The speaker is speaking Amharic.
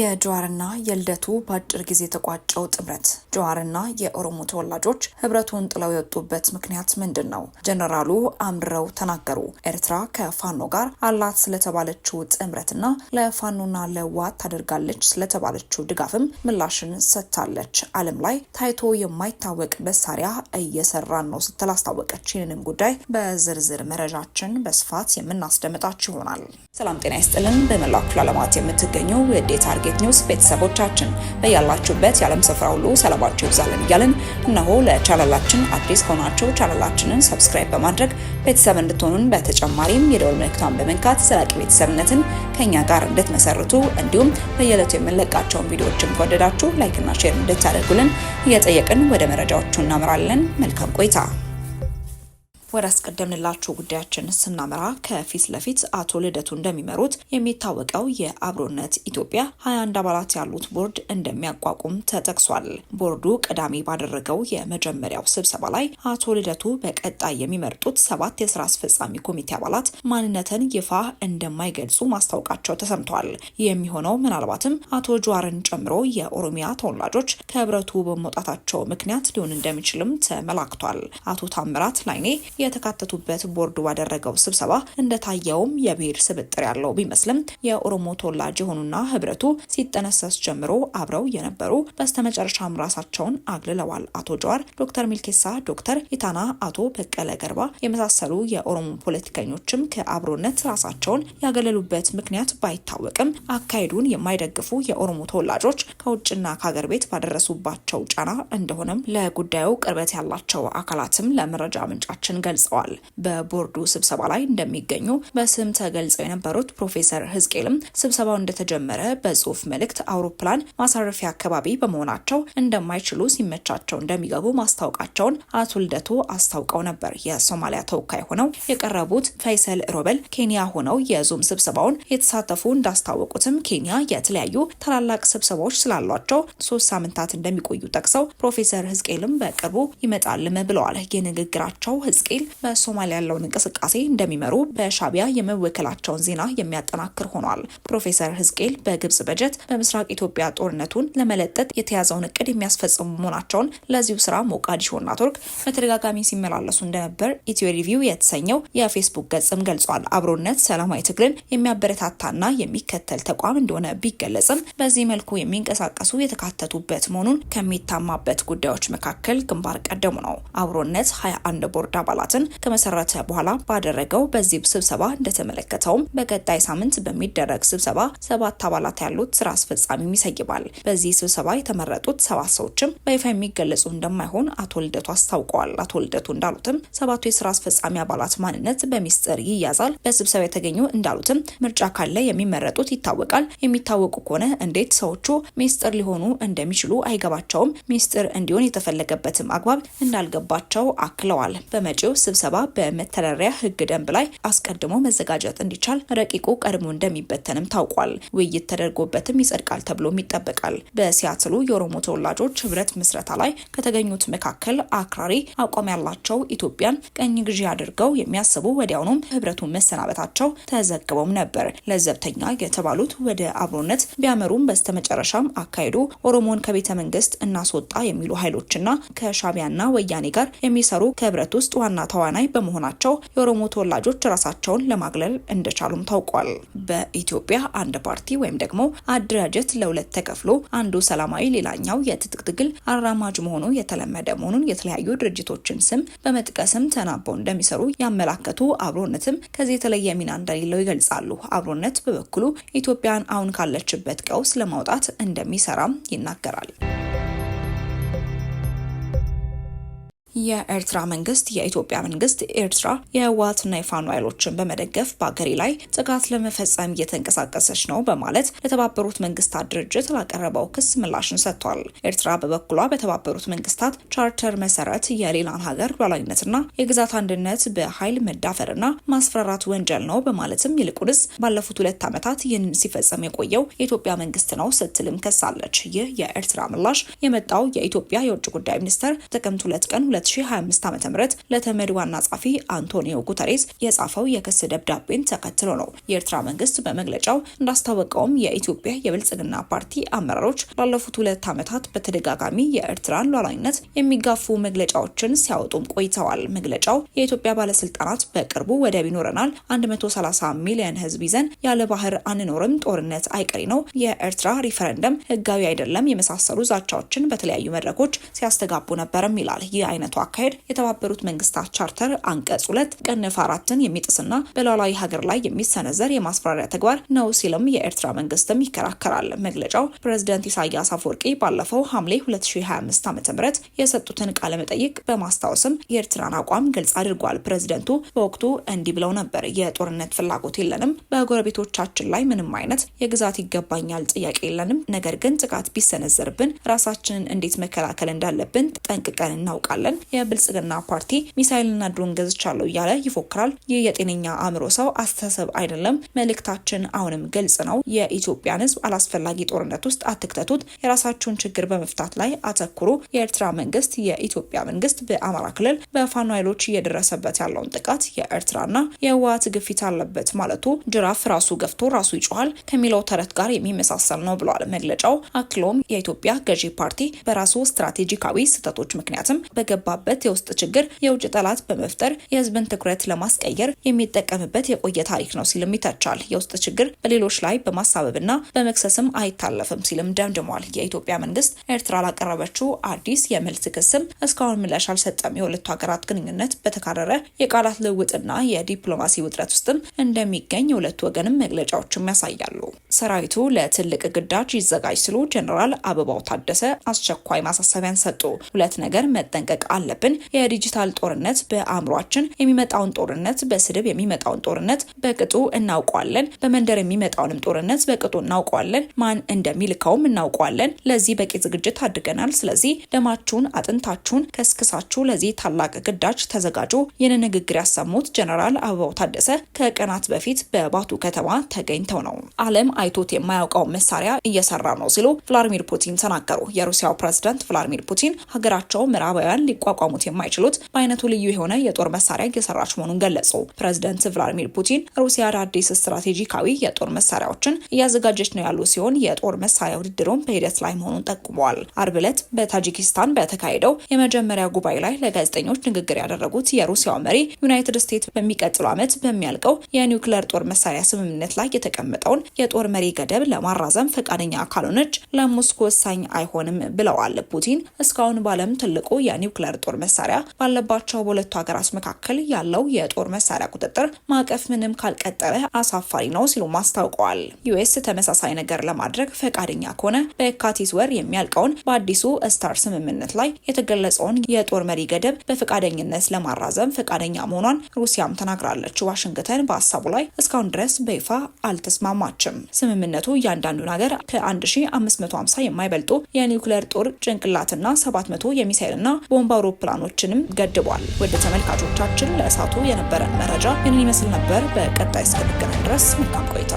የጀዋርና የልደቱ በአጭር ጊዜ የተቋጨው ጥምረት ጀዋርና የኦሮሞ ተወላጆች ህብረቱን ጥለው የወጡበት ምክንያት ምንድን ነው? ጀነራሉ አምርረው ተናገሩ። ኤርትራ ከፋኖ ጋር አላት ስለተባለችው ጥምረትና ለፋኖና ለዋት ታደርጋለች ስለተባለችው ድጋፍም ምላሽን ሰጥታለች። ዓለም ላይ ታይቶ የማይታወቅ መሳሪያ እየሰራን ነው ስትል አስታወቀች። ጉዳይ በዝርዝር መረጃችን በስፋት የምናስደምጣችሁ ይሆናል። ሰላም ጤና ይስጥልን። በመላው ክፍለ የምትገኘው የዴታ አርጌ ሀርጌት ኒውስ ቤተሰቦቻችን በያላችሁበት የዓለም ስፍራ ሁሉ ሰላማችሁ ይብዛልን እያልን እነሆ ለቻናላችን አዲስ ከሆናችሁ ቻናላችንን ሰብስክራይብ በማድረግ ቤተሰብ እንድትሆኑን በተጨማሪም የደወል ምልክቷን በመንካት ዘላቂ ቤተሰብነትን ከእኛ ጋር እንድትመሰርቱ እንዲሁም በየዕለቱ የምንለቃቸውን ቪዲዮዎችን ከወደዳችሁ ላይክና ሼር እንድታደርጉልን እየጠየቅን ወደ መረጃዎቹ እናምራለን። መልካም ቆይታ ወደ አስቀደምንላቸው ጉዳያችን ስናመራ ከፊት ለፊት አቶ ልደቱ እንደሚመሩት የሚታወቀው የአብሮነት ኢትዮጵያ 21 አባላት ያሉት ቦርድ እንደሚያቋቁም ተጠቅሷል። ቦርዱ ቅዳሜ ባደረገው የመጀመሪያው ስብሰባ ላይ አቶ ልደቱ በቀጣይ የሚመርጡት ሰባት የስራ አስፈጻሚ ኮሚቴ አባላት ማንነትን ይፋ እንደማይገልጹ ማስታወቃቸው ተሰምቷል። የሚሆነው ምናልባትም አቶ ጀዋርን ጨምሮ የኦሮሚያ ተወላጆች ከህብረቱ በመውጣታቸው ምክንያት ሊሆን እንደሚችልም ተመላክቷል። አቶ ታምራት ላይኔ የተካተቱበት ቦርዱ ባደረገው ስብሰባ እንደታየውም የብሔር ስብጥር ያለው ቢመስልም የኦሮሞ ተወላጅ የሆኑና ህብረቱ ሲጠነሰስ ጀምሮ አብረው የነበሩ በስተመጨረሻም ራሳቸውን አግልለዋል። አቶ ጀዋር፣ ዶክተር ሚልኬሳ፣ ዶክተር ኢታና፣ አቶ በቀለ ገርባ የመሳሰሉ የኦሮሞ ፖለቲከኞችም ከአብሮነት ራሳቸውን ያገለሉበት ምክንያት ባይታወቅም አካሄዱን የማይደግፉ የኦሮሞ ተወላጆች ከውጭና ከሀገር ቤት ባደረሱባቸው ጫና እንደሆነም ለጉዳዩ ቅርበት ያላቸው አካላትም ለመረጃ ምንጫችን ገልጸዋል። በቦርዱ ስብሰባ ላይ እንደሚገኙ በስም ተገልጸው የነበሩት ፕሮፌሰር ህዝቅኤልም ስብሰባው እንደተጀመረ በጽሁፍ መልእክት አውሮፕላን ማሳረፊያ አካባቢ በመሆናቸው እንደማይችሉ ሲመቻቸው እንደሚገቡ ማስታወቃቸውን አቶ ልደቱ አስታውቀው ነበር። የሶማሊያ ተወካይ ሆነው የቀረቡት ፈይሰል ሮበል ኬንያ ሆነው የዙም ስብሰባውን የተሳተፉ እንዳስታወቁትም ኬንያ የተለያዩ ታላላቅ ስብሰባዎች ስላሏቸው ሶስት ሳምንታት እንደሚቆዩ ጠቅሰው ፕሮፌሰር ህዝቅኤልም በቅርቡ ይመጣልም ብለዋል። የንግግራቸው ህዝቅኤል ሲል በሶማሊያ ያለውን እንቅስቃሴ እንደሚመሩ በሻቢያ የመወከላቸውን ዜና የሚያጠናክር ሆኗል። ፕሮፌሰር ህዝቅኤል በግብጽ በጀት በምስራቅ ኢትዮጵያ ጦርነቱን ለመለጠጥ የተያዘውን እቅድ የሚያስፈጽሙ መሆናቸውን ለዚሁ ስራ ሞቃዲሾና ቱርክ በተደጋጋሚ ሲመላለሱ እንደነበር ኢትዮ ሪቪው የተሰኘው የፌስቡክ ገጽም ገልጿል። አብሮነት ሰላማዊ ትግልን የሚያበረታታና የሚከተል ተቋም እንደሆነ ቢገለጽም በዚህ መልኩ የሚንቀሳቀሱ የተካተቱበት መሆኑን ከሚታማበት ጉዳዮች መካከል ግንባር ቀደሙ ነው። አብሮነት 21 ቦርድ አባላት ስርዓትን ከመሰረተ በኋላ ባደረገው በዚህ ስብሰባ እንደተመለከተውም በቀጣይ ሳምንት በሚደረግ ስብሰባ ሰባት አባላት ያሉት ስራ አስፈጻሚም ይሰይባል። በዚህ ስብሰባ የተመረጡት ሰባት ሰዎችም በይፋ የሚገለጹ እንደማይሆን አቶ ልደቱ አስታውቀዋል። አቶ ልደቱ እንዳሉትም ሰባቱ የስራ አስፈጻሚ አባላት ማንነት በሚስጥር ይያዛል። በስብሰባ የተገኙ እንዳሉትም ምርጫ ካለ የሚመረጡት ይታወቃል። የሚታወቁ ከሆነ እንዴት ሰዎቹ ሚስጥር ሊሆኑ እንደሚችሉ አይገባቸውም። ሚስጥር እንዲሆን የተፈለገበትም አግባብ እንዳልገባቸው አክለዋል። በመጪው ስብሰባ በመተዳደሪያ ህግ ደንብ ላይ አስቀድሞ መዘጋጀት እንዲቻል ረቂቁ ቀድሞ እንደሚበተንም ታውቋል። ውይይት ተደርጎበትም ይጸድቃል ተብሎም ይጠበቃል። በሲያትሉ የኦሮሞ ተወላጆች ህብረት ምስረታ ላይ ከተገኙት መካከል አክራሪ አቋም ያላቸው ኢትዮጵያን ቀኝ ግዢ አድርገው የሚያስቡ ወዲያውኑም ህብረቱን መሰናበታቸው ተዘግበውም ነበር። ለዘብተኛ የተባሉት ወደ አብሮነት ቢያመሩም በስተመጨረሻም አካሄዱ ኦሮሞን ከቤተ መንግስት እናስወጣ የሚሉ ኃይሎችና ከሻቢያና ወያኔ ጋር የሚሰሩ ከህብረት ውስጥ ዋና ተዋናይ በመሆናቸው የኦሮሞ ተወላጆች ራሳቸውን ለማግለል እንደቻሉም ታውቋል። በኢትዮጵያ አንድ ፓርቲ ወይም ደግሞ አደራጀት ለሁለት ተከፍሎ አንዱ ሰላማዊ፣ ሌላኛው የትጥቅ ትግል አራማጅ መሆኑ የተለመደ መሆኑን የተለያዩ ድርጅቶችን ስም በመጥቀስም ተናበው እንደሚሰሩ ያመላከቱ፣ አብሮነትም ከዚህ የተለየ ሚና እንደሌለው ይገልጻሉ። አብሮነት በበኩሉ ኢትዮጵያን አሁን ካለችበት ቀውስ ለማውጣት እንደሚሰራም ይናገራል። የኤርትራ መንግስት የኢትዮጵያ መንግስት ኤርትራ የህወሓትና የፋኖ ኃይሎችን በመደገፍ በአገሬ ላይ ጥቃት ለመፈጸም እየተንቀሳቀሰች ነው በማለት ለተባበሩት መንግስታት ድርጅት ላቀረበው ክስ ምላሽን ሰጥቷል። ኤርትራ በበኩሏ በተባበሩት መንግስታት ቻርተር መሰረት የሌላን ሀገር ሉዓላዊነትና የግዛት አንድነት በኃይል መዳፈርና ማስፈራራት ወንጀል ነው በማለትም ይልቁንስ ባለፉት ሁለት ዓመታት ይህንን ሲፈጸም የቆየው የኢትዮጵያ መንግስት ነው ስትልም ከሳለች። ይህ የኤርትራ ምላሽ የመጣው የኢትዮጵያ የውጭ ጉዳይ ሚኒስቴር ጥቅምት ሁለት ቀን 2025 ዓ.ም ለተመድ ዋና ጸሐፊ አንቶኒዮ ጉተሬስ የጻፈው የክስ ደብዳቤን ተከትሎ ነው። የኤርትራ መንግስት በመግለጫው እንዳስታወቀውም የኢትዮጵያ የብልጽግና ፓርቲ አመራሮች ላለፉት ሁለት ዓመታት በተደጋጋሚ የኤርትራን ሉዓላዊነት የሚጋፉ መግለጫዎችን ሲያወጡም ቆይተዋል። መግለጫው የኢትዮጵያ ባለስልጣናት በቅርቡ ወደብ ይኖረናል፣ 130 ሚሊዮን ህዝብ ይዘን ያለ ባህር አንኖርም፣ ጦርነት አይቀሪ ነው፣ የኤርትራ ሪፈረንደም ህጋዊ አይደለም፣ የመሳሰሉ ዛቻዎችን በተለያዩ መድረኮች ሲያስተጋቡ ነበርም ይላል። ይህ አይነቱ አካሄድ የተባበሩት መንግስታት ቻርተር አንቀጽ ሁለት ቅንፍ አራትን የሚጥስና በሉዓላዊ ሀገር ላይ የሚሰነዘር የማስፈራሪያ ተግባር ነው ሲልም የኤርትራ መንግስትም ይከራከራል። መግለጫው ፕሬዝደንት ኢሳያስ አፈወርቂ ባለፈው ሐምሌ 2025 ዓ ም የሰጡትን ቃለ መጠይቅ በማስታወስም የኤርትራን አቋም ግልጽ አድርጓል። ፕሬዚደንቱ በወቅቱ እንዲህ ብለው ነበር። የጦርነት ፍላጎት የለንም፣ በጎረቤቶቻችን ላይ ምንም አይነት የግዛት ይገባኛል ጥያቄ የለንም። ነገር ግን ጥቃት ቢሰነዘርብን ራሳችንን እንዴት መከላከል እንዳለብን ጠንቅቀን እናውቃለን። የብልጽግና ፓርቲ ሚሳይልና ድሮን ገዝቻለሁ እያለ ይፎክራል። ይህ የጤነኛ አእምሮ ሰው አስተሳሰብ አይደለም። መልእክታችን አሁንም ግልጽ ነው። የኢትዮጵያን ህዝብ አላስፈላጊ ጦርነት ውስጥ አትክተቱት። የራሳችሁን ችግር በመፍታት ላይ አተኩሩ። የኤርትራ መንግስት፣ የኢትዮጵያ መንግስት በአማራ ክልል በፋኖ ኃይሎች እየደረሰበት ያለውን ጥቃት የኤርትራና የህወሓት ግፊት አለበት ማለቱ ጅራፍ ራሱ ገፍቶ ራሱ ይጮኋል ከሚለው ተረት ጋር የሚመሳሰል ነው ብለዋል መግለጫው። አክሎም የኢትዮጵያ ገዢ ፓርቲ በራሱ ስትራቴጂካዊ ስህተቶች ምክንያትም በገባ የገባበት የውስጥ ችግር የውጭ ጠላት በመፍጠር የህዝብን ትኩረት ለማስቀየር የሚጠቀምበት የቆየ ታሪክ ነው ሲልም ይተቻል። የውስጥ ችግር በሌሎች ላይ በማሳበብና በመክሰስም አይታለፍም ሲልም ደምድሟል። የኢትዮጵያ መንግስት ኤርትራ ላቀረበችው አዲስ የመልስ ክስም እስካሁን ምላሽ አልሰጠም። የሁለቱ ሀገራት ግንኙነት በተካረረ የቃላት ልውውጥና የዲፕሎማሲ ውጥረት ውስጥም እንደሚገኝ የሁለቱ ወገንም መግለጫዎችም ያሳያሉ። ሰራዊቱ ለትልቅ ግዳጅ ይዘጋጅ ሲሉ ጀኔራል አበባው ታደሰ አስቸኳይ ማሳሰቢያን ሰጡ። ሁለት ነገር መጠንቀቅ አለብን። የዲጂታል ጦርነት በአእምሯችን የሚመጣውን ጦርነት፣ በስድብ የሚመጣውን ጦርነት በቅጡ እናውቋለን። በመንደር የሚመጣውንም ጦርነት በቅጡ እናውቀዋለን። ማን እንደሚልከውም እናውቀዋለን። ለዚህ በቂ ዝግጅት አድርገናል። ስለዚህ ደማችሁን፣ አጥንታችሁን ከስክሳችሁ ለዚህ ታላቅ ግዳጅ ተዘጋጁ። ይህን ንግግር ያሰሙት ጀነራል አበባው ታደሰ ከቀናት በፊት በባቱ ከተማ ተገኝተው ነው። ዓለም አይቶት የማያውቀው መሳሪያ እየሰራ ነው ሲሉ ቭላድሚር ፑቲን ተናገሩ። የሩሲያው ፕሬዝዳንት ቭላድሚር ፑቲን ሀገራቸው ምዕራባውያን ሊቋ ሊቋቋሙት የማይችሉት በአይነቱ ልዩ የሆነ የጦር መሳሪያ እየሰራች መሆኑን ገለጹ። ፕሬዚደንት ቭላዲሚር ፑቲን ሩሲያ አዳዲስ ስትራቴጂካዊ የጦር መሳሪያዎችን እያዘጋጀች ነው ያሉ ሲሆን የጦር መሳሪያ ውድድሩን በሂደት ላይ መሆኑን ጠቁመዋል። አርብ ዕለት በታጂኪስታን በተካሄደው የመጀመሪያ ጉባኤ ላይ ለጋዜጠኞች ንግግር ያደረጉት የሩሲያው መሪ ዩናይትድ ስቴትስ በሚቀጥለው ዓመት በሚያልቀው የኒውክሌር ጦር መሳሪያ ስምምነት ላይ የተቀመጠውን የጦር መሪ ገደብ ለማራዘም ፈቃደኛ ካልሆነች ለሞስኮ ወሳኝ አይሆንም ብለዋል። ፑቲን እስካሁን በዓለም ትልቁ የኒውክሌር ጦር መሳሪያ ባለባቸው በሁለቱ ሀገራት መካከል ያለው የጦር መሳሪያ ቁጥጥር ማዕቀፍ ምንም ካልቀጠለ አሳፋሪ ነው ሲሉም አስታውቀዋል። ዩኤስ ተመሳሳይ ነገር ለማድረግ ፈቃደኛ ከሆነ በየካቲት ወር የሚያልቀውን በአዲሱ ስታር ስምምነት ላይ የተገለጸውን የጦር መሪ ገደብ በፈቃደኝነት ለማራዘም ፈቃደኛ መሆኗን ሩሲያም ተናግራለች። ዋሽንግተን በሀሳቡ ላይ እስካሁን ድረስ በይፋ አልተስማማችም። ስምምነቱ እያንዳንዱን ሀገር ከ1550 የማይበልጡ የኒውክሌር ጦር ጭንቅላትና 700 የሚሳይልና ቦምባሮ አውሮፕላኖችንም ገድቧል። ወደ ተመልካቾቻችን ለእሳቱ የነበረን መረጃ ይህንን ይመስል ነበር። በቀጣይ እስክንገናኝ ድረስ መልካም ቆይታ